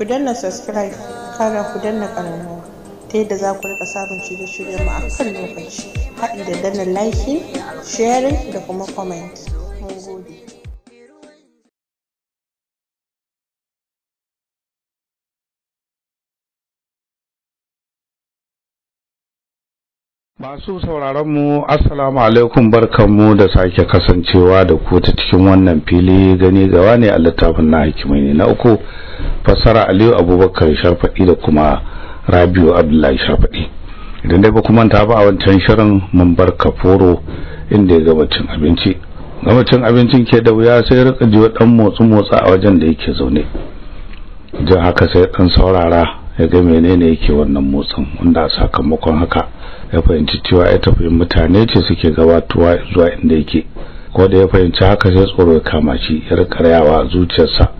ku danna subscribe kara ku danna ƙararrawa ta yadda za ku rika samun shirye shiryen mu a kan lokaci haɗi da danna like sharing da kuma comment mun gode Masu sauraronmu, Assalamu alaikum barkanmu da sake kasancewa da ku ta cikin wannan fili gani gawa ne a littafin na hikimai ne na uku fassara aliyu abubakar shafaɗi da kuma rabiu abdullahi shafaɗi idan dai ba kuma manta ba a wancan shirin mun bar kaforo inda ya gama cin abinci gama abincin ke da wuya sai rika ji dan motsi motsa a wajen da yake zaune jin haka sai dan saurara ya ga menene yake wannan motsin wanda sakamakon haka ya fahimci cewa ya tafi mutane ce suke gabatuwa zuwa inda yake ko da ya fahimci haka sai tsoro ya kama shi ya rika rayawa zuciyarsa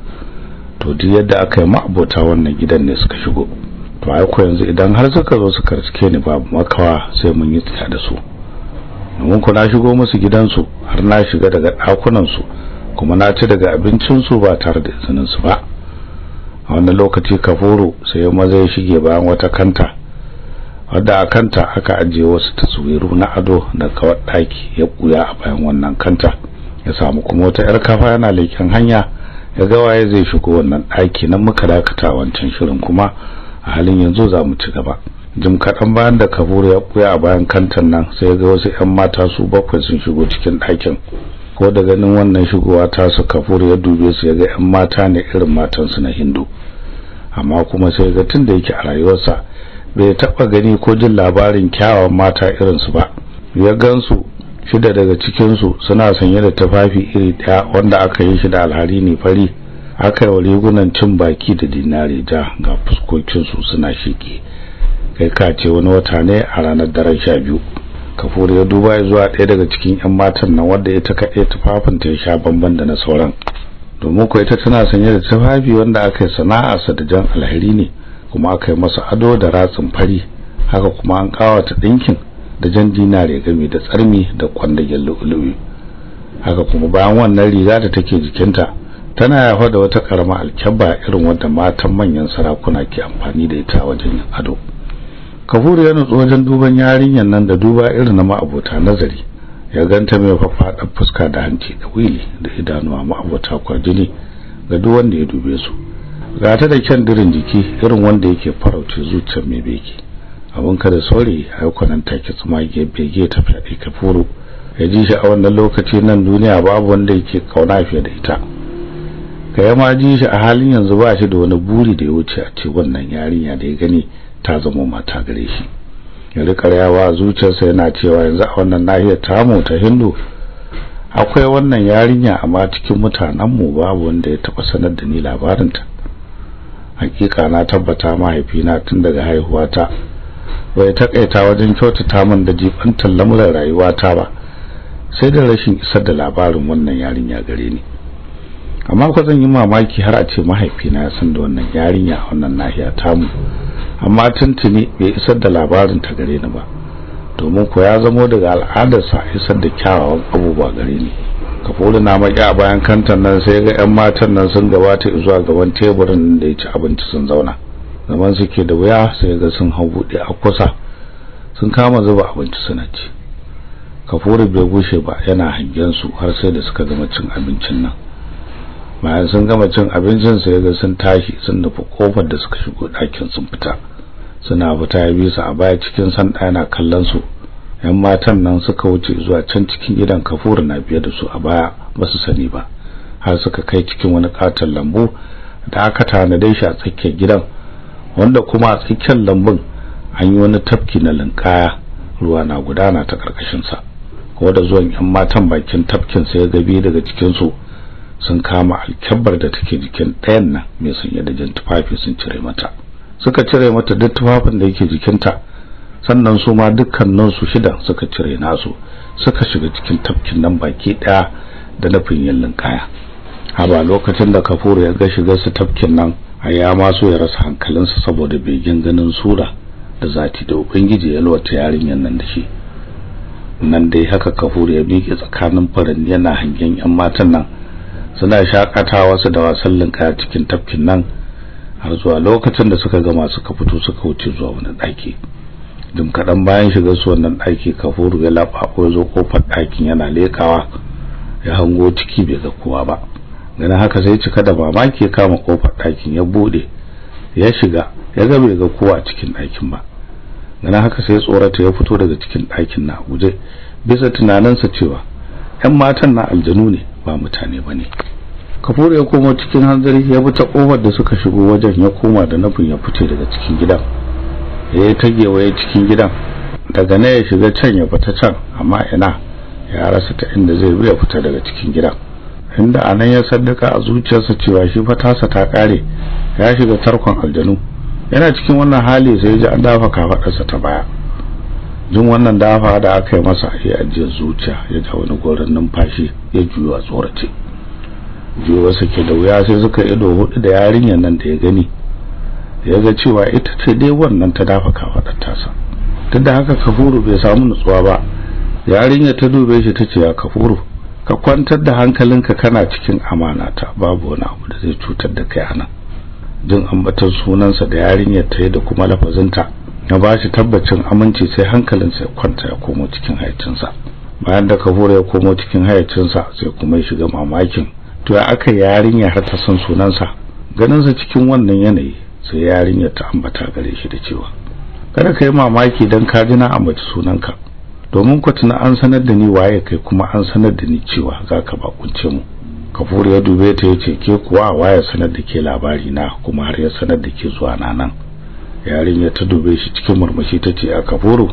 to duk yadda aka yi ma'abota wannan gidan ne suka shigo to ai ko yanzu idan har suka zo suka riske ni babu makawa sai mun yi tsada da su domin ko na shigo musu gidansu har na shiga daga ɗakunansu kuma na ci daga abincinsu ba tare da izininsu ba a wannan lokaci kafuru sai maza ya shige bayan wata kanta wadda a kanta aka ajiye wasu taswiru na ado da kawar ɗaki ya ƙuya a bayan wannan kanta ya samu kuma wata 'yar kafa yana leƙen hanya ya ga waye zai shigo wannan ɗaki nan muka dakata wancan shirin kuma a halin yanzu za mu ci gaba jim kaɗan bayan da kaburu ya ɓuya a bayan kantan nan sai ga wasu 'yan mata su bakwai sun shigo cikin ɗakin ko da ganin wannan shigowa ta su kaburu ya dube su ya ga 'yan mata ne irin matansu na hindu amma kuma sai ga tun da yake a rayuwarsa bai taɓa gani ko jin labarin kyawawan mata irinsu ba ya gansu shida daga cikinsu suna sanye da tufafi iri ɗaya wanda aka yi shi da alhari ne fari aka yi wa rigunan cin baki da dinari da ga fuskokinsu suna sheke kai ka ce wani wata ne a ranar daren sha biyu kafuri ya duba zuwa ɗaya daga cikin 'yan matan nan wadda ita kaɗai tufafinta ya sha bamban da na sauran domin ko ita tana sanye da tufafi wanda aka yi sana'arsa da jan alhari ne kuma aka yi masa ado da ratsin fari haka kuma an ƙawata ɗinkin da jan dinare game da tsarmi da kwandagen lu'ulu'i haka kuma bayan wannan riga da take jikinta tana yawo da wata karama alkyabba irin wanda matan manyan sarakuna ke amfani da ita wajen ado kafuru ya nutsu wajen duban yarinyar nan da duba irin na ma'abota nazari ya ganta mai faffaɗar fuska da hanci da wili da idanuwa ma'abota kwarjini ga duk wanda ya dube su ta da kyan dirin jiki irin wanda yake farauta zuciyar mai beki abun ka da sori yi kwanan take tsumage bege ta fadi ka furo ya ji shi a wannan lokaci nan duniya babu wanda yake kauna fiye da ita ka ma ji shi a halin yanzu ba shi da wani buri da ya wuce a ce wannan yarinya da ya gani ta zama mata gare shi ya rika rayawa zuciyarsa yana cewa yanzu a wannan nahiyar tamu ta hindu akwai wannan yarinya amma cikin mutanenmu babu wanda ya taba sanar da ni labarinta hakika na tabbata mahaifina tun daga haihuwa ta. bai takaita wajen kyautata min da jifantar lamuran rayuwata ba sai da rashin isar da labarin wannan yarinya gare ni amma ko zan yi mamaki har a ce mahaifina ya san da wannan yarinya a wannan nahiya mu, amma tuntuni bai isar da labarin ta gare ni ba domin ko ya zamo daga al'adarsa isar da kyawawan abubuwa gare ni kafuru na maki a bayan kantan nan sai ga 'yan matan nan sun gabata zuwa gaban teburin da ya ci abinci sun zauna zaman suke da wuya sai ga sun hau buɗe a kusa sun kama zuba abinci suna ci kafuru bai gushe ba yana hangen su har sai da suka gama cin abincin nan bayan sun gama cin abincin sai ga sun tashi sun nufi kofar da suka shigo ɗakin sun fita suna fita ya bi su a baya cikin sanda yana kallon su yan matan nan suka wuce zuwa can cikin gidan kafuru na biye da su a baya ba su sani ba har suka kai cikin wani katon lambu da aka tanadai shi a tsakiyar gidan wanda kuma a tsakiyar lambun an yi wani tafki na linkaya ruwa na gudana ta karkashin sa da zuwan yan matan bakin tafkin sai bi daga cikin su sun kama alkabbar da take jikin ɗayan nan mai sanye da jin tufafi sun cire mata suka cire mata duk tufafin da yake jikinta sannan su ma dukkanin su shida suka cire nasu suka shiga cikin tafkin nan baki ɗaya da nufin yin linkaya haba lokacin da kafuru ya ga shiga su tafkin nan har ya ma so ya rasa hankalinsa saboda begin ganin sura da zati da ubangiji ya lwata yarinyar nan da shi nan dai haka kafuru ya miƙe tsakanin farin yana hangen yan matan nan suna shakatawa su da wasan linka cikin tafkin nan har zuwa lokacin da suka gama suka fito suka wuce zuwa wani ɗaki dum kaɗan bayan shiga su wannan ɗaki kafuru ya lafa ko zo kofar ɗakin yana lekawa ya hango ciki bai ga kowa ba dana haka sai cika da mamaki ya kama kofar ɗakin ya bude ya shiga ya ga bai ga kowa cikin ɗakin ba ganin haka sai tsorata ya fito daga cikin ɗakin na guje bisa tunaninsa cewa ƴan matan na aljanu ne ba mutane ba ne kafura ya koma cikin hanzari ya bi ta kofar da suka shigo wajen ya koma da nufin ya fice daga cikin gidan ya yi tagewaye cikin gidan daga na ya shiga can ya fita can amma ina ya rasa ta inda zai bi ya fita daga cikin gidan inda anan ya saddaka a zuciyarsa cewa shi fa tasa ta kare ya shiga tarkon aljanu yana cikin wannan hali sai ji an dafa kafadarsa ta baya jin wannan dafa da aka yi masa ya ajiye zuciya ya ga wani gorin numfashi ya juyo a tsorace juyowarsa ke da wuya sai suka ido hudu da yarinyar nan da ya gani ya ga cewa ita ce dai wannan ta dafa kafadar tasa tunda haka kafuru bai samu nutsuwa ba yarinyar ta dube shi ta ce ya kafuru ka kwantar da hankalinka kana cikin amana ta babu wani abu da zai cutar da kai anan jin ambatar sunansa da yarinyar ta da kuma lafazinta na bashi tabbacin aminci sai hankalinsa ya kwanta ya komo cikin hayacinsa bayan da ka kafura ya komo cikin hayacinsa sai kuma ya shiga mamakin to ya aka yarinya har ta san sunansa ganinsa cikin wannan yanayi sai yarinyar ta ambata gare shi da cewa kada ka yi mamaki don ka ji na ambaci sunanka domin kwatuna an sanar da ni waye kai kuma an sanar da ni cewa zaka bakunce mu kafur ya dube ta yace ke kuwa waye sanar da ke labari na kuma har ya sanar da ke zuwa na nan yarinya ta dube shi cikin murmushi tace a kafuru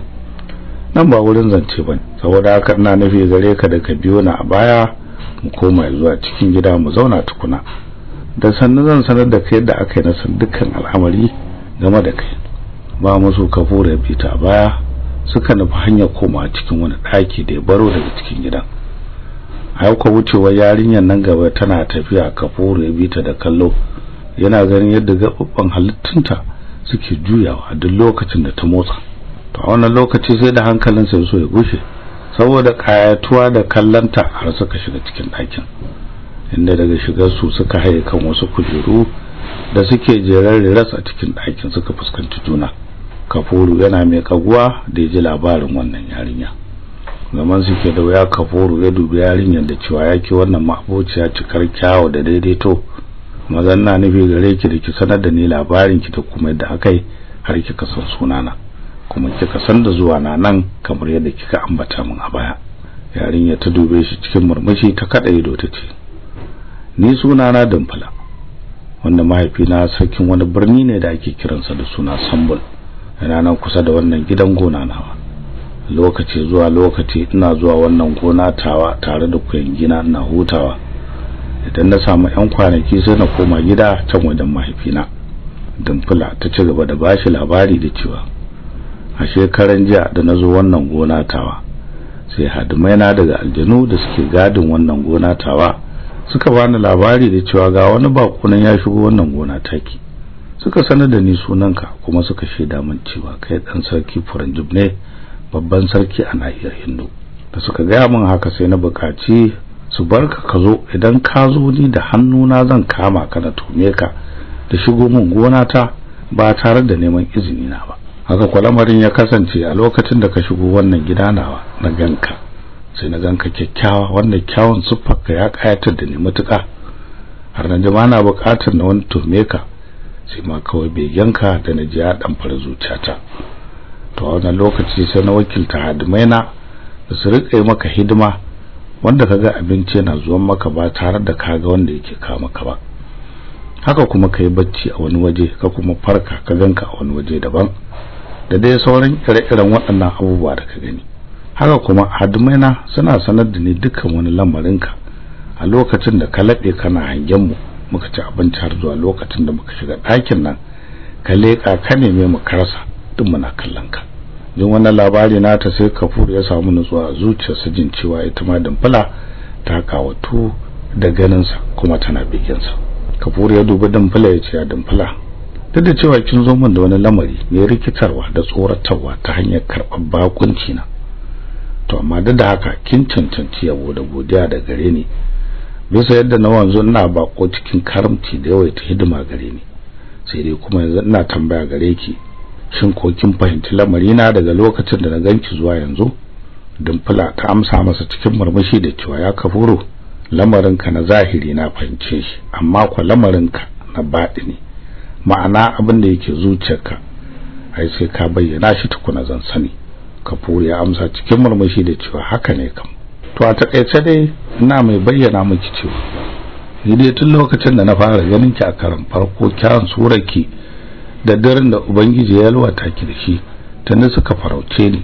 nan ba wurin zance bane saboda haka ina nufi gare ka da ka biyo na a baya mu koma zuwa cikin gida mu zauna tukuna da sannan zan sanar da kai yadda aka yi na san dukkan al'amari game da kai ba musu kafura ya ta baya suka nufi hanyar koma cikin wani ɗaki da ya baro daga cikin gidan hauka wucewar yarinyar nan gaba tana tafiya kafuru ya bita da kallo yana ganin yadda gaɓaɓɓen halittunta suke juyawa duk lokacin da ta motsa to a wannan lokaci sai da hankalinsa ya so ya gushe saboda kayatuwa da kallonta har suka shiga cikin ɗakin inda daga shigar su suka haye kan wasu kujeru da suke jerar ras a cikin ɗakin suka fuskanci juna kafuru yana mai kaguwa da ya ji labarin wannan yarinya zaman suke da wuya kafuru ya dubi yarinyar da cewa ya ke wannan mahabociya cikar kyawo da daidaito mazan na nufi gare ki da ki sanar da ni labarin ki da kuma yadda yi har kika san sunana kuma kika san da zuwa na nan kamar yadda kika ambata min a baya yarinya ta dube shi cikin murmushi ta kada ido ta ce ni sunana Damfala wanda mahaifina sarkin wani birni ne da ake kiransa da suna Sambul yana nan kusa da wannan gidan gona nawa lokaci zuwa lokaci ina zuwa wannan gona tawa tare da gina ina hutawa idan na samu yan kwanaki sai na koma gida can wajen mahaifina dimfila ta ci gaba da bashi labari da cewa a shekaran jiya da na zo wannan gona tawa sai hadimai na daga aljanu da suke gadin wannan gona tawa suka bani labari da cewa ga wani bakunan ya shigo wannan gona taki suka sanar da ni sunanka kuma suka shaida min cewa kai dan sarki Furanjib ne babban sarki a nahiyar Hindu da suka gaya min haka sai na bukaci su barka ka zo idan ka zo ni da hannuna zan kama ka na tume ka da shigo min gona ta ba tare da neman izini na ba haka kwalamarin ya kasance a lokacin da ka shigo wannan gida nawa na ganka sai na ganka kyakkyawa wanda kyawun siffarka ya kayatar da ni matuƙa har na na bukatar na wani tume ka sai ma kawai bai yanka da na ji haɗan far fara zuciyata to a wannan lokaci sai na wakilta hadimaina da su rika yi maka hidima wanda ka ga abinci yana zuwan maka ba tare da kaga wanda yake ka maka ba haka kuma ka yi bacci a wani waje ka kuma farka ka ganka a wani waje daban da dai sauran ire-iren waɗannan abubuwa da ka gani haka kuma hadimaina suna sanar da ni dukkan wani lamarinka a lokacin da ka laɓe kana hangen mu muka ci abinci har zuwa lokacin da muka shiga ɗakin nan ka leƙa ka neme mu karasa duk muna kallon ka jin wannan labari na ta sai kafur ya samu nutsuwa zuciyarsa jin cewa ita ma dimfila ta kawatu da ganinsa kuma tana bikinsa kafur ya dubi dimfila ya ce ya dimfila duk da cewa kin zo min da wani lamari mai rikitarwa da tsoratarwa ta hanyar karɓar bakuncina na to amma duk da haka kin cancanci yabo da godiya da gare ni bisa yadda na wanzu ina bako cikin karamci da ta hidima gare ni sai dai kuma yanzu ina tambaya gare ki shin ko kin fahimci na daga lokacin da na ganki zuwa yanzu dumfula ta amsa masa cikin murmushi da cewa ya kafuro ka na zahiri na fahimce shi amma ko ka na baɗi ne ma'ana abin da yake zuciyarka ai sai ka bayyana shi tukuna zan sani kafuru ya amsa cikin murmushi da cewa haka ne kam to a takaice dai ina mai bayyana miki cewa dai tun lokacin da na fara ganin ki a karan farko kyawun surarki da daren da ubangiji ya yalwata ki da shi tunda suka farauce ni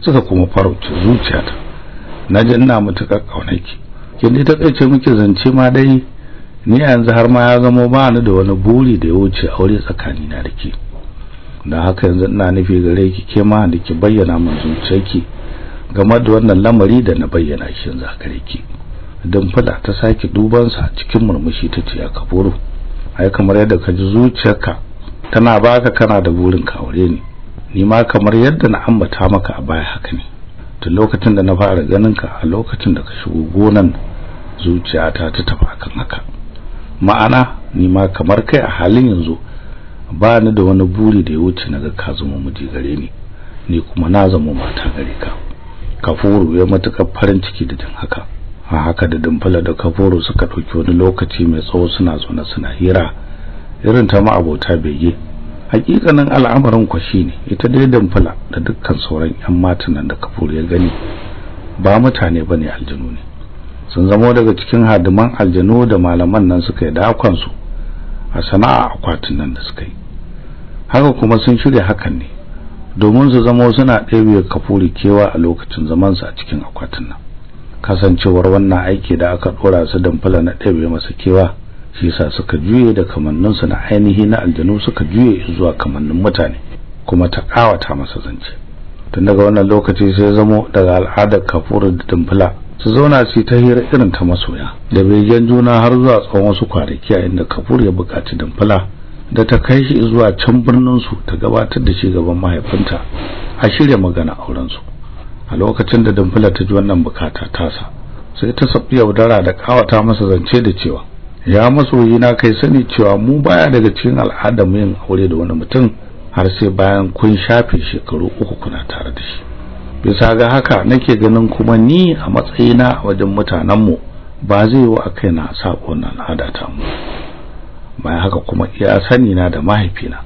suka kuma farauce zuciyata na ji ina matuƙar ki kin dai takaice miki zance ma dai ni yanzu har ma ya zama ba ni da wani buri da ya wuce aure tsakani na da ke da haka yanzu ina nufi gare ki ke ma da ki bayyana min zuciyarki game da wannan lamari da na bayyana shin zakare ki dan ta sake duban sa cikin murmushi tace ya kaburu ai kamar yadda ka ji zuciyarka tana baka kana da burin ka aure ni ni ma kamar yadda na ambata maka a baya haka ne tun lokacin da na fara ganin ka a lokacin da ka shigo gonan zuciyata ta tafi akan haka ma'ana ni ma kamar kai a halin yanzu ba ni da wani buri da ya wuce naga ka zama miji gare ni ni kuma na zama mata gare ka kafuru ya matukar farin ciki da jin haka a haka da dimfala da kafuru suka ɗauki wani lokaci mai tsawo suna zaune suna hira irin ta ma'abota bege hakikanin al'amarin kwa ne ita dai dimfala da dukkan sauran yan matan da kafuru ya gani ba mutane bane aljanu ne sun zamo daga cikin hadiman aljanu da malaman nan suka yi dakon su a sana'a akwatin nan da suka yi haka kuma sun shirya hakan ne domin su zamo suna ɗebe kafuri kewa a lokacin zamansa a cikin akwatin nan kasancewar wannan aiki da aka dora su damfala na ɗebe masa kewa shi yasa suka juye da kamanninsu na ainihi na aljanu suka juye zuwa kamannin mutane kuma ta kawata masa zance tun daga wannan lokaci sai zamo daga al'adar kafuri da su zauna su ta hira irin ta masoya da bai juna har zuwa tsawon wasu kwanaki a inda kafuri ya buƙaci damfala da ta kai shi zuwa can birnin su ta gabatar da shi gaban mahaifinta a shirya magana aurensu a lokacin da Damfila ta ji wannan bukata tasa sai ta safi yaudara da kawata masa zance da cewa ya masoyi na kai sani cewa mu baya daga cikin al'adar mu yin aure da wani mutum har sai bayan kun shafe shekaru uku kuna tare da shi bisa ga haka nake ganin kuma ni a matsayina wajen mutanenmu ba zai yi wa a kaina na al'ada ta mu mai haka kuma iya sani na da mahaifina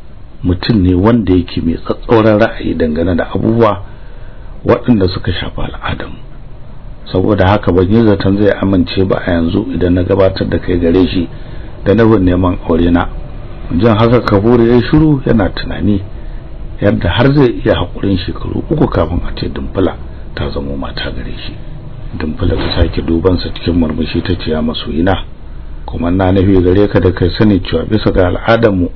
mutum ne wanda yake mai tsatsauran ra'ayi dangane da abubuwa waɗanda suka shafi al'adam saboda haka ban yi zaton zai amince ba a yanzu idan na gabatar da kai gare shi da nufin neman aure na jan haka kaburu ya shiru yana tunani yadda har zai iya haƙurin shekaru uku kafin a ce dumfula ta zamo mata gare shi dumfula ta sake dubansa cikin murmushi ta ciya masoyina kuma na nufi gare ka da kai sani cewa bisa ga al'adarmu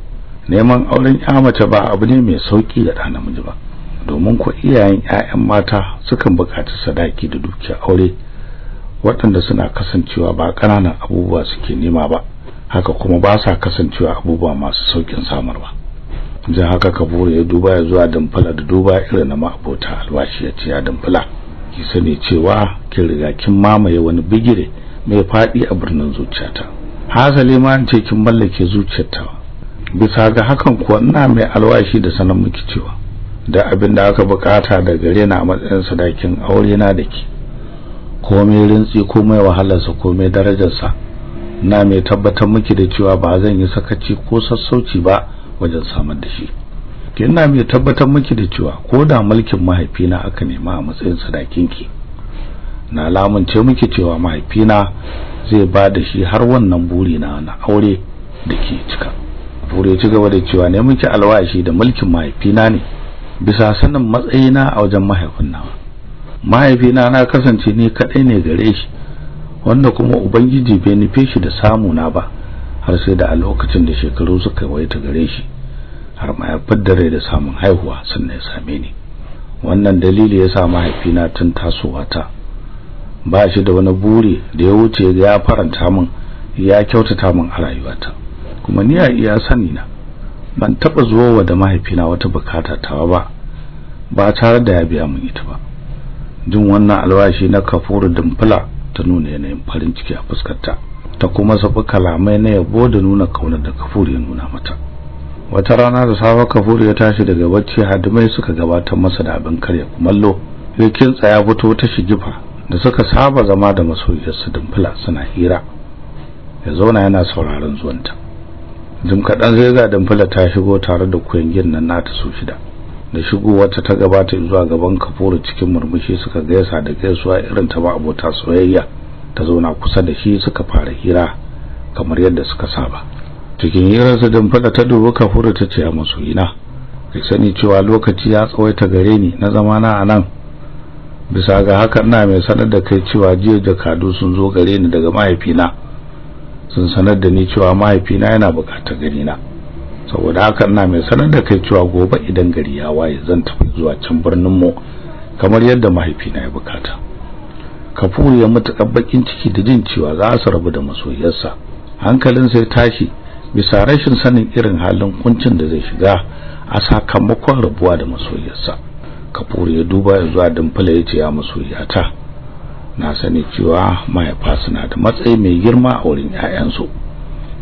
neman auren ya mace ba abu ne mai sauki ga ɗan namiji ba domin ko iyayen ƴaƴan mata sukan buƙaci sadaki da dukiya aure waɗanda suna kasancewa ba ƙananan abubuwa suke nema ba haka kuma ba sa kasancewa abubuwa masu saukin samarwa jan haka kaburu ya duba ya zuwa damfala da duba irin na ma'abota albashi ya ce ya damfala ki sani cewa kin riga kin mamaye wani bigire mai faɗi a birnin zuciyata hasali ma ce kin mallake zuciyarta bisa ga hakan kuwa ina mai alwashi da sanan miki cewa da abin da aka bukata da gare na matsayin sadakin aure na da ke komai rintsi komai wahalarsa komai darajarsa na mai tabbatar miki da cewa ba zan yi sakaci ko sassauci ba wajen samar da shi kina mai tabbatar miki da cewa ko da mulkin mahaifina aka nema a matsayin sadakin ki na lamunce muke cewa mahaifina zai ba da shi har wannan buri na na aure da ke cika buri ci gaba da cewa ne muke alwashi da mulkin mahaifina ne bisa sanin matsayina a wajen mahaifin nawa mahaifina na kasance ni kadai ne gare shi wanda kuma ubangiji bai nufe shi da samu na ba har sai da a lokacin da shekaru suka waita gare shi har ma ya fidda rai da samun haihuwa sannan ya same ni wannan dalili ya sa mahaifina tun tasowa ta ba shi da wani buri da ya wuce ya faranta min ya kyautata min a rayuwata kuma ni a iya sani na ban taba zuwa da mahaifina wata bukata tawa ba ba tare da ya biya min ita ba jin wannan alwashi na kafuru dumfula ta nuna yanayin farin ciki a fuskarta ta kuma sabu kalamai na yabo da nuna kauna da kafuru ya nuna mata wata rana da safa kafuru ya tashi daga bacci hadimai suka gabatar masa da abin karya kumallo ya kintsa ya fito ta shigifa da suka saba zama da masoyiyarsu dimfila suna hira ya zauna yana sauraron zuwanta jim kaɗan zai ga dimfila ta shigo tare da kuyangin nan nata su shida da wata ta gabata zuwa gaban kafuru cikin murmushi suka gaisa da gaisuwa irin ta ba abota soyayya ta zauna kusa da shi suka fara hira kamar yadda suka saba cikin hirar su dimfila ta dubi kafuru ta ce a masoyina kai sani cewa lokaci ya tsawaita gare ni na zamana a nan bisa ga haka ina mai sanar da kai cewa jiya jakadu sun zo gare ni daga mahaifina sun sanar da ni cewa mahaifina yana bukatar gani na saboda haka ina mai sanar da kai cewa gobe idan gari ya waye zan tafi zuwa can birnin mu kamar yadda mahaifina ya bukata kafuru ya mutu bakin ciki da jin cewa za su rabu da masoyarsa hankalin sai tashi bisa rashin sanin irin halin kuncin da zai shiga a sakamakon rabuwa da masoyarsa kafur ya duba ya zuwa dimfila ya ce ya masoyata na sani cewa mahaifa suna da matsayi mai girma a wurin 'ya'yansu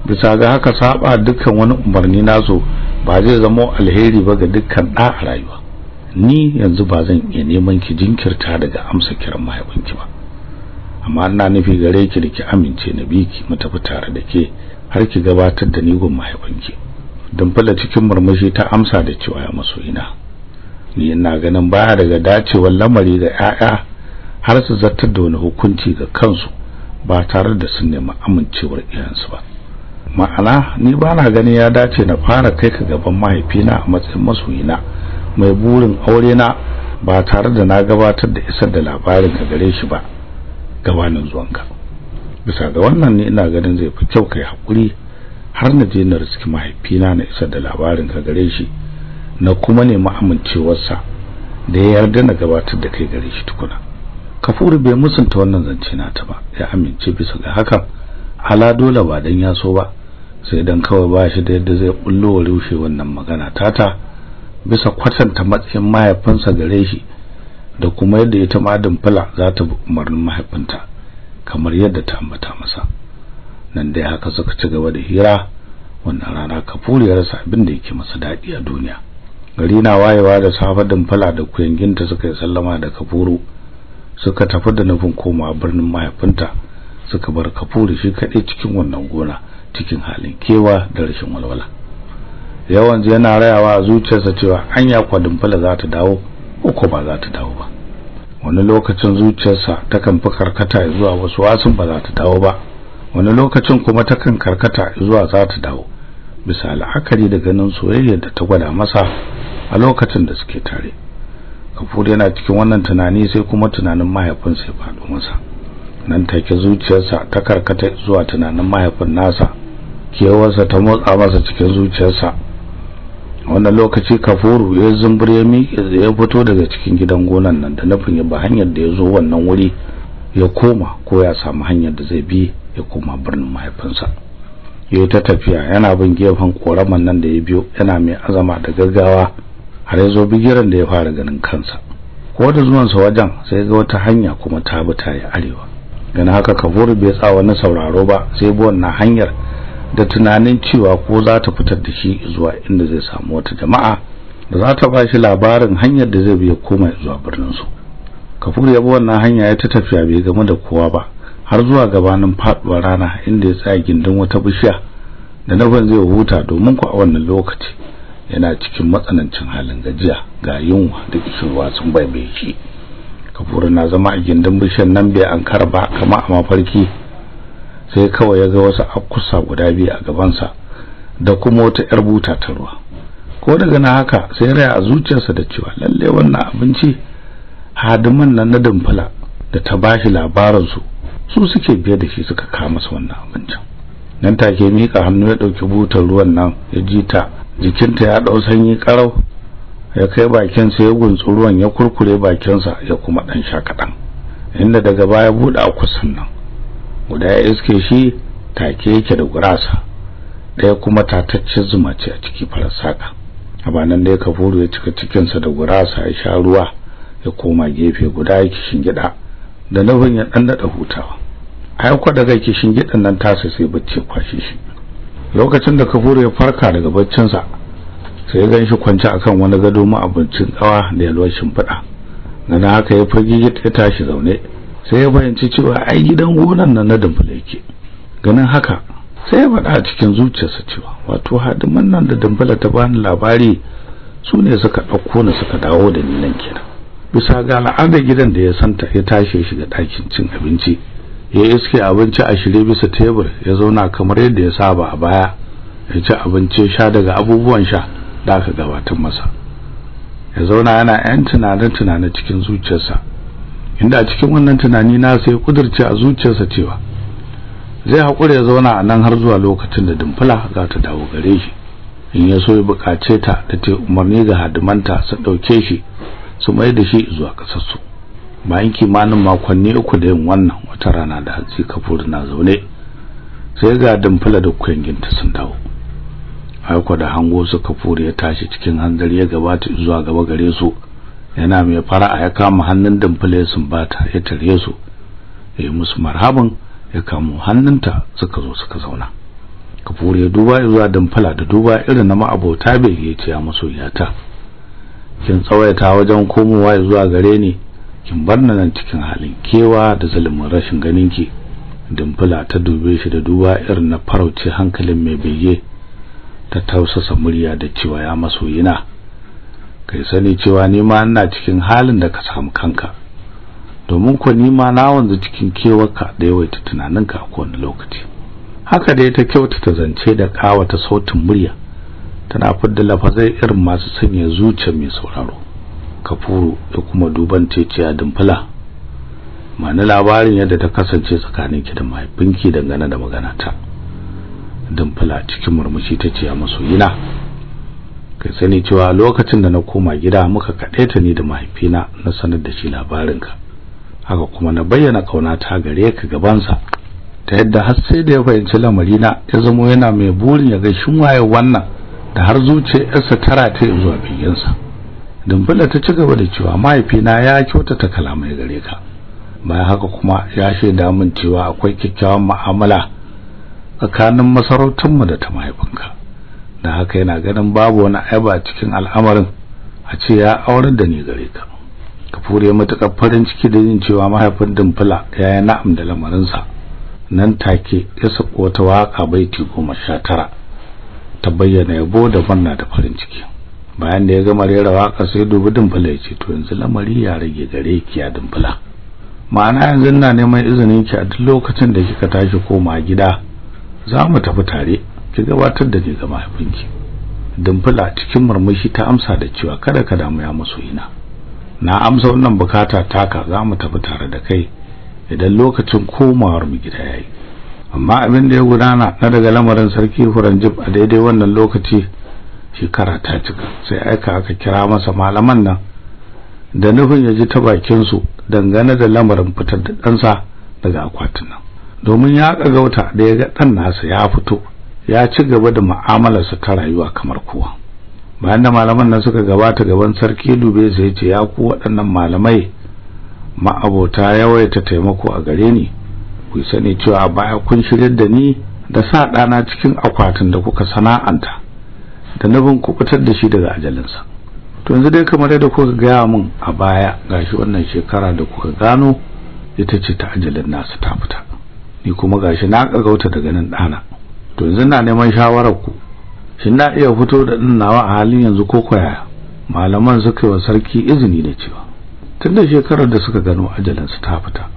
bisa ga haka saba dukkan wani umarni nasu ba zai zama alheri ba ga dukkan ɗa a rayuwa ni yanzu ba zan iya neman ki jinkirta daga amsa kiran mahaifinki ba amma ina nufi gare ki da ki amince na bi ki mu tafi tare da ke har ki gabatar da ni gun mahaifinki dan cikin murmushi ta amsa da cewa ya masoyina ni ina ganin baya daga dacewar lamari da 'ya'ya har su zartar da wani hukunci ga kansu ba tare da sun nemi amincewar iyansu ba ma'ana ni ba na ganin ya dace na fara kai ka gaban mahaifina a matsayin masoyina mai burin aure na ba tare da na gabatar da isar da labarin ka gare shi ba gabanin zuwanka bisa ga wannan ne ina ganin zai fi kyau kai hakuri har na je na riski mahaifina na isar da labarin ka gare shi na kuma nemi amincewarsa da ya yarda na gabatar da kai gare shi tukuna kafuru bai musunta wannan zance nata ba ya amince bisa ga haka ala dole ba dan ya so ba sai dan kawai ba shi da yadda zai bullo wa rushe wannan magana tata bisa kwatanta matsayin mahaifinsa gare shi da kuma yadda ita madin fula za ta umarnin mahaifinta kamar yadda ta ambata masa nan dai haka suka ci gaba da hira wannan rana kafuru ya rasa abin da yake masa daɗi a duniya gari na wayewa da safa dimfala da kuyanginta suka yi sallama da kafuru suka tafi da nufin koma birnin mahaifinta suka bar kafuru shi kaɗai cikin wannan gona cikin halin kewa da rashin walwala yawan yana rayawa a zuciyarsa cewa hanya kwa dimfala za ta dawo uku ba za ta dawo ba wani lokacin zuciyarsa ta kan fi karkata zuwa wasu wasun ba za ta dawo ba wani lokacin kuma ta kan karkata zuwa za ta dawo bisa la'akari da ganin soyayyar da ta gwada masa a lokacin da suke tare kafur yana cikin wannan tunani sai kuma tunanin mahaifinsa ya faɗo masa nan take zuciyarsa ta karkata zuwa tunanin mahaifin nasa kewarsa ta motsa masa cikin zuciyarsa wannan lokaci kafuru ya zumbur ya miƙe ya fito daga cikin gidan gonan nan da nufin ya ba hanyar da ya zo wannan wuri ya koma ko ya samu hanyar da zai bi ya koma birnin mahaifinsa ya ta tafiya yana bin gefen koraman nan da ya biyo yana mai azama da gaggawa har ya zo bigiran da ya fara ganin kansa ko da zuwansa wajen sai ga wata hanya kuma ta bi ta arewa gani haka kafuru bai tsawa wani sauraro ba sai bi wannan hanyar da tunanin cewa ko za ta fitar da shi zuwa inda zai samu wata jama'a da za ta ba shi labarin hanyar da zai bi ya koma zuwa birnin su kafuru ya bi wannan hanya ya ta tafiya bai game da kowa ba har zuwa gabanin faduwar rana inda ya tsaya gindin wata bishiya da nufin zai huta domin ku a wannan lokaci yana cikin matsanancin halin gajiya ga yunwa da kishirwa sun baibaye shi kafura na zama a gindin bishiyar nan bai an ba kama a mafarki sai kawai ya ga wasu akusa guda biyu a gabansa da kuma wata yar buta ta ruwa ko daga na haka sai raya a zuciyarsa da cewa lalle wannan abinci hadiman nan na dimfila da ta bashi labarin su su suke biye da shi suka kawo masa wannan abincin nan take miƙa hannu ya ɗauki butar ruwan nan ya ji ta jikinta ya ɗau sanyi karau ya kai bakinsa ya guntsu ruwan ya kurkure bakinsa ya kuma ɗan sha kaɗan. inda daga baya buɗe kusan nan guda ya iske shi take yake da gurasa ɗaya kuma tatacce zuma ce a ciki farar saka abanan da ya kafuru ya cika cikinsa da gurasa ya sha ruwa ya koma gefe guda ya gida da nufin ya ɗan daɗa hutawa a kwa daga kishin gidan nan tasa sai bacci kwashe shi lokacin da kafuru ya farka daga baccinsa sai gan shi kwance akan wani gado ma'abincin kawa da yalwar shimfiɗa gana haka ya fage ya tashi zaune sai ya fahimci cewa ai gidan gonan nan na dumbule yake ganin haka sai ya faɗa a cikin zuciyarsa cewa wato hadiman nan da dumbula ta bani labari su ne suka ɗauko ni suka dawo da ni nan kenan bisa ga al'adar gidan da ya santa ya tashi ya shiga ɗakin cin abinci ya iske abinci a shirye bisa tebur ya zauna kamar yadda ya saba a baya ya ci abinci sha daga abubuwan sha da aka gabatar masa ya zauna yana yan tunanin-tunanin cikin zuciyarsa inda a cikin wannan tunani na sai kudurci a zuciyarsa cewa zai haƙura ya zauna a nan har zuwa lokacin da dimfila za ta dawo gare shi in ya so ya bukace ta da ta umarni ga hadimanta su ɗauke shi su mai da shi zuwa ƙasarsu bayan kimanin makonni uku da yin wannan wata rana da hatsi kafur na zaune sai ga dimfila da kuyanginta sun dawo haiko da hango su kafur ya tashi cikin hanzari ya gabata zuwa gaba gare su yana mai fara'a ya kama hannun dimfila sun bata ya tare su ya yi musu marhaban ya kamo hannunta suka zo suka zauna kafur ya duba zuwa dimfila da duba irin na ma'abota bai ya ce ya masoyata kin tsawaita wajen komowa zuwa gare ni kin bar na nan cikin halin kewa da zalumin rashin ganin ki ta dube shi da duba irin na farauci hankalin mai bege ta tausasa murya da cewa ya masoyina kai sani cewa ni ma ina cikin halin da ka samu kanka domin ko ni ma na wanzu cikin kewarka da yawaita tunaninka ko wani lokaci haka dai ta ta zance da kawata sautin murya tana fidda lafazai irin masu sanya zuciya mai sauraro kafuru da kuma duban teciya dimfila mana labarin yadda ta kasance tsakanin ki da mahaifinki dangane da magana ta cikin murmushi ta ce masoyina kai sani cewa lokacin da na koma gida muka kaɗe ta ni da mahaifina na sanar da shi ka, haka kuma na bayyana ƙaunata gare ka gabansa ta yadda har sai da ya fahimci na ya zamo yana mai burin ya ga shin waye wannan da har zuciyarsa tara ta zuwa biyansa dumbula ta ci gaba da cewa mahaifina ya kyautata kalamai gare ka bayan haka kuma ya shaida min cewa akwai kyakkyawan mu'amala tsakanin masarautunmu da ta mahaifinka da haka yana ganin babu wani aiba cikin al'amarin a ce ya aurar da ni gare ka ka fure matuƙar farin ciki da yin cewa mahaifin dumbula ya yi na'am da lamarinsa nan take ya sako wata waƙa baiti goma sha tara ta bayyana yabo da na da farin ciki bayan da ya gama rera waka sai dubi dimfila ya ce to yanzu lamari ya rage gare ki ya dimfila ma'ana yanzu ina neman izinin ki a duk lokacin da kika tashi koma gida za mu tafi tare ki gabatar da ni ga mahaifinki dimfila cikin murmushi ta amsa da cewa kada ka damu ya masoyina na amsa wannan bukata taka za mu tafi tare da kai idan lokacin komawar mu gida yayi amma abin da ya gudana na daga lamarin sarki furanjib a daidai wannan lokaci shekara ta cika sai aika aka kira masa malaman nan da nufin ya ji ta bakin su dangane da lamarin fitar da ɗansa daga akwatin nan domin ya gauta da ya ga ɗan nasa ya fito ya ci gaba da mu'amalarsa ta rayuwa kamar kowa bayan da malaman nan suka gabata gaban sarki dube sai ce ya ku waɗannan malamai ma'abota yawaita taimako a gare ni ku sani cewa baya kun shigar da ni da sa ɗana cikin akwatin da kuka sana'anta da nufin kubutar da shi daga ajalinsa to yanzu dai kamar yadda kuka gaya min a baya gashi wannan shekara da kuka gano ita ce ta ajalin nasu ta fita ni kuma gashi na karkauta daga nan dana to yanzu na neman shawarar ku shin na iya fito da din nawa a halin yanzu ko koya malaman suka yi wa sarki izini da cewa tun da shekarar da suka gano ajalin su ta fita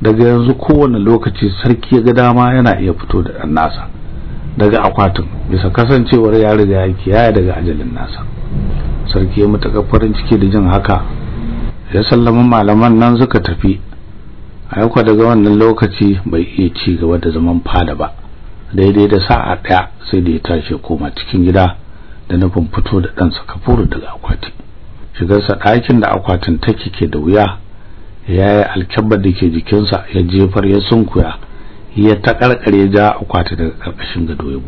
daga yanzu kowane lokaci sarki ya ga dama yana iya fito da ɗan nasa daga akwatin bisa kasancewar ya riga ya kiyaya daga ajalin nasa sarki ya mutaka farin ciki da jin haka ya sallama malaman nan suka tafi ayyuka daga wannan lokaci bai iya ci gaba da zaman fada ba daidai da sa'a daya sai da ya tashi koma cikin gida da nufin fito da ɗansa kafuru daga akwati shigarsa ɗakin da akwatin take ke da wuya ya yi alkabbar da ke jikinsa ya jefar ya sunkuya ya ta karkare ja akwati daga karkashin gado ya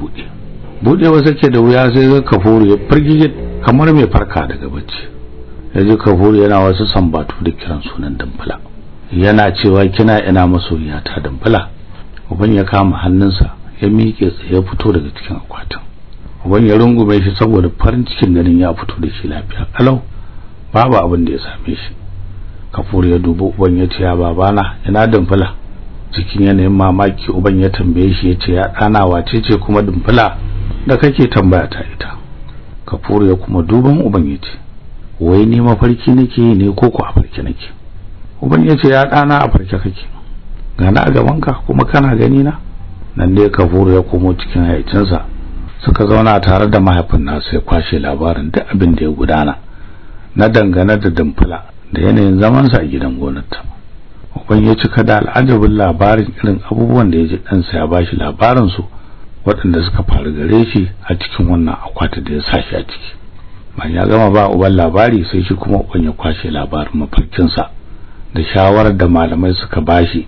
bude wasa ce da wuya sai ga kafuru ya firgige kamar mai farka daga bacci ya ji kafuru yana wasu sambatu da kiran sunan dambala yana cewa kina ina masoyiya ta dambala uban ya kama hannunsa ya miƙe tsaye ya fito daga cikin akwatin uban ya rungume shi saboda farin cikin ganin ya fito da shi lafiya kalau babu abin da ya same shi kafuru ya dubo uban ya ce ya babana ina dambala cikin yanayin mamaki uban ya tambaye shi yace ya dana wace ce kuma dumfula da kake tambaya ta ita kafur ya kuma duban uban yace wai ni mafarki nake ne ko ku a farke nake uban yace ya dana a farke kake gana a gabanka kuma kana gani na nan dai kafur ya komo cikin haicinsa suka zauna tare da mahaifin nasu ya kwashe labarin duk abin da ya gudana na dangane da dumfula da yanayin zamansa a gidan gonarta uban ya cika da al'ajabin labarin irin abubuwan da ya ji ɗansa ya bashi labarin su waɗanda suka faru gare shi a cikin wannan akwatin da ya sa shi a ciki bayan ya gama ba uban labari sai shi kuma uban ya kwashe labarin mafarkinsa da shawarar da malamai suka ba shi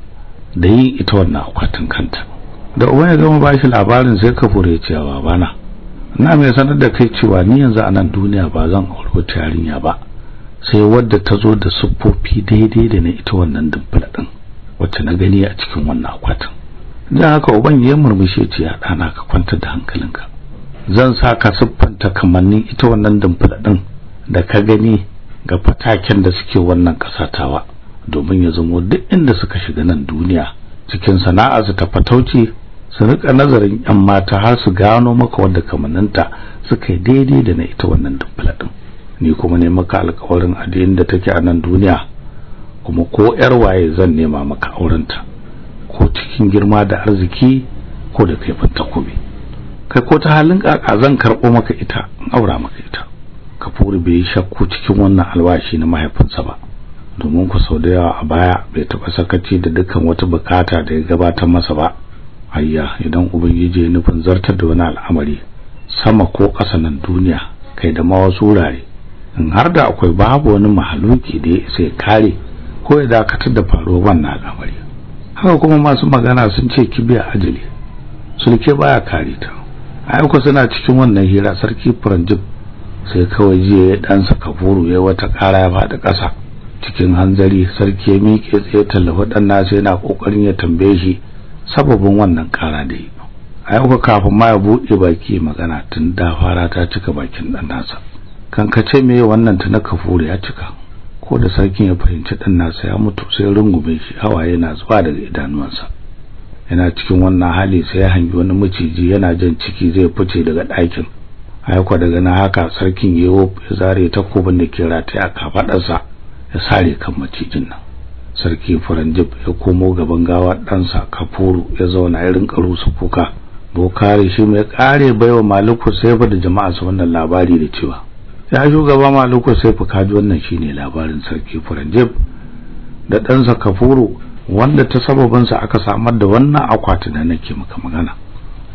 da yin ita wannan akwatin kanta da uban ya gama bashi labarin sai ka fure cewa babana ina mai sanar da kai cewa ni yanzu a nan duniya ba zan aure wata yarinya ba sai wadda ta zo da siffofi daidai da na ita wannan dubbula din wacce na gani a cikin wannan akwatin dan haka uban ya murmushe ce ya dana ka kwanta da hankalinka zan saka siffanta kamannin ita wannan dubbula din da ka gani ga fataken da suke wannan kasatawa domin ya zamo duk inda suka shiga nan duniya cikin sana'a su ta fatauci su rika nazarin yan mata har su gano maka wanda kamanninta suka yi daidai da na ita wannan dubbula din ni kuma ne maka alƙawarin addinin da take a nan duniya kuma ko ƴar waye zan nema maka aurenta ko cikin girma da arziki ko da kaifin takobi kai ko ta halin kaka zan karɓo maka ita in aura maka ita kafuru bai shakku cikin wannan alwashi na mahaifinsa ba domin ku sau da yawa a baya bai taɓa sakaci da dukkan wata bukata da ya gabata masa ba ayya idan ubangiji ya nufin zartar da wani al'amari sama ko ƙasa nan duniya kai da ma wasu wurare in har da akwai babu wani mahaluki da sai kare ko ya dakatar da faruwar wannan al'amari haka kuma masu magana sun ce kibiya ajali sulke baya kare ta aiko suna cikin wannan hira sarki Franjib sai kawai jiya ya saka kafuru ya wata kara ya faɗi ƙasa cikin hanzari sarki ya miƙe tsaye tallafa ɗan nasa yana ƙoƙarin ya tambaye shi sababin wannan kara da yi ko kafin ma ya buɗe baki magana tun da fara ta cika bakin ɗan nasa kankace me wannan ta na fure ya cika ko da sarkin ya fahimci dan nasa ya mutu sai rungume shi hawa yana zuwa daga idanuwansa yana cikin wannan hali sai ya hangi wani maciji yana jan ciki zai fice daga ɗakin haikwa daga na haka sarkin yewo ya zare takobin da ke rataye a sa ya sare kan macijin nan sarki faranjib ya komo gaban gawa ɗansa kafuru ya zauna ya rinka rusa kuka bokare shi mai kare baiwa maliku sai da jama'a su wannan labari da cewa ya shugaba maluku sai fukaji wannan shine labarin sarki furanjib da ɗansa kafuru wanda ta sababansa aka samar da wannan akwati da nake maka magana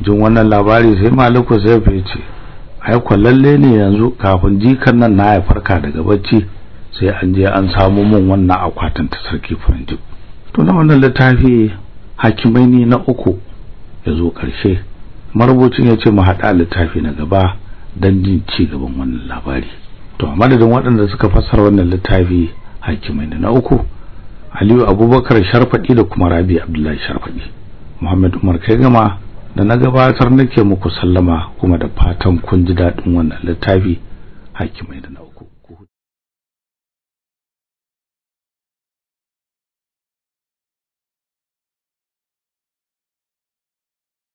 jin wannan labari sai maluku sai ya ce ai kwallalle ne yanzu kafin jikan nan na ya farka daga bacci sai an je an samu mun wannan akwatin ta sarki furanjib to na wannan littafi hakimai ne na uku ya zo ƙarshe marubucin ya ce mu haɗa littafi na gaba don jin ci gaban wannan labari to a madadin waɗanda suka fassara wannan littafi hakimai na uku Aliyu Abubakar Sharfadi da kuma Rabi Abdullahi Sharfadi Muhammad Umar kai gama da na gabatar nake muku sallama kuma da fatan kun ji daɗin wannan littafi hakimai da